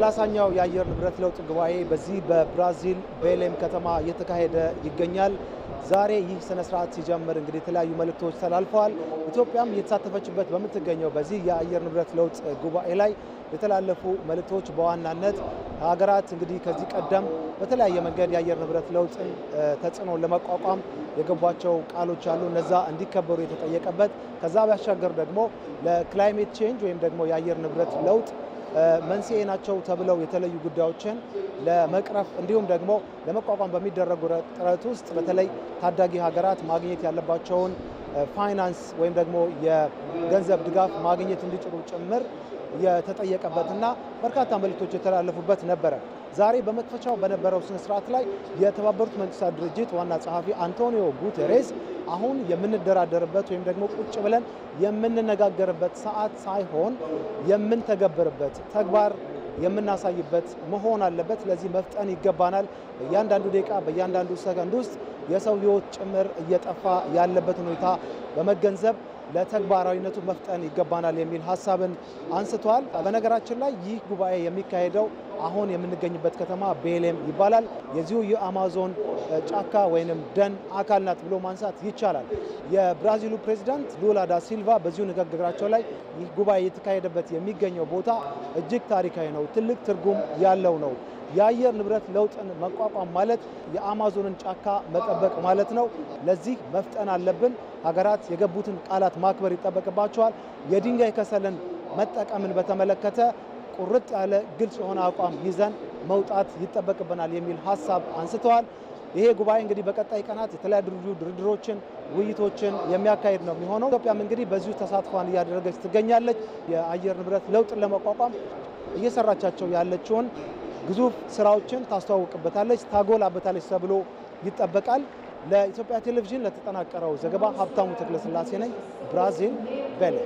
ሰላሳኛው የአየር ንብረት ለውጥ ጉባኤ በዚህ በብራዚል ቤሌም ከተማ እየተካሄደ ይገኛል። ዛሬ ይህ ስነ ስርዓት ሲጀምር እንግዲህ የተለያዩ መልእክቶች ተላልፈዋል። ኢትዮጵያም እየተሳተፈችበት በምትገኘው በዚህ የአየር ንብረት ለውጥ ጉባኤ ላይ የተላለፉ መልእክቶች በዋናነት ሀገራት እንግዲህ ከዚህ ቀደም በተለያየ መንገድ የአየር ንብረት ለውጥን ተጽዕኖ ለመቋቋም የገቧቸው ቃሎች አሉ። እነዛ እንዲከበሩ የተጠየቀበት ከዛ ባሻገር ደግሞ ለክላይሜት ቼንጅ ወይም ደግሞ የአየር ንብረት ለውጥ መንስኤ ናቸው ተብለው የተለዩ ጉዳዮችን ለመቅረፍ እንዲሁም ደግሞ ለመቋቋም በሚደረጉ ጥረት ውስጥ በተለይ ታዳጊ ሀገራት ማግኘት ያለባቸውን ፋይናንስ ወይም ደግሞ የገንዘብ ድጋፍ ማግኘት እንዲችሉ ጭምር የተጠየቀበትና በርካታ መልእክቶች የተላለፉበት ነበረ። ዛሬ በመክፈቻው በነበረው ስነስርዓት ላይ የተባበሩት መንግስታት ድርጅት ዋና ጸሐፊ አንቶኒዮ ጉቴሬስ አሁን የምንደራደርበት ወይም ደግሞ ቁጭ ብለን የምንነጋገርበት ሰዓት ሳይሆን የምንተገብርበት ተግባር የምናሳይበት መሆን አለበት። ለዚህ መፍጠን ይገባናል። በእያንዳንዱ ደቂቃ በእያንዳንዱ ሰከንድ ውስጥ የሰው ህይወት ጭምር እየጠፋ ያለበት ሁኔታ በመገንዘብ ለተግባራዊነቱ መፍጠን ይገባናል የሚል ሀሳብን አንስተዋል። በነገራችን ላይ ይህ ጉባኤ የሚካሄደው አሁን የምንገኝበት ከተማ ቤሌም ይባላል። የዚሁ የአማዞን ጫካ ወይንም ደን አካል ናት ብሎ ማንሳት ይቻላል። የብራዚሉ ፕሬዚዳንት ሉላ ዳ ሲልቫ በዚሁ ንግግራቸው ላይ ይህ ጉባኤ የተካሄደበት የሚገኘው ቦታ እጅግ ታሪካዊ ነው፣ ትልቅ ትርጉም ያለው ነው የአየር ንብረት ለውጥን መቋቋም ማለት የአማዞንን ጫካ መጠበቅ ማለት ነው። ለዚህ መፍጠን አለብን። ሀገራት የገቡትን ቃላት ማክበር ይጠበቅባቸዋል። የድንጋይ ከሰልን መጠቀምን በተመለከተ ቁርጥ ያለ ግልጽ የሆነ አቋም ይዘን መውጣት ይጠበቅብናል የሚል ሀሳብ አንስተዋል። ይሄ ጉባኤ እንግዲህ በቀጣይ ቀናት የተለያዩ ድርድሮችን፣ ውይይቶችን የሚያካሄድ ነው የሚሆነው። ኢትዮጵያም እንግዲህ በዚሁ ተሳትፏን እያደረገች ትገኛለች። የአየር ንብረት ለውጥን ለመቋቋም እየሰራቻቸው ያለችውን ግዙፍ ስራዎችን ታስተዋውቅበታለች፣ ታጎላበታለች ተብሎ ይጠበቃል። ለኢትዮጵያ ቴሌቪዥን ለተጠናቀረው ዘገባ ሀብታሙ ተክለስላሴ ነኝ። ብራዚል ቤሌ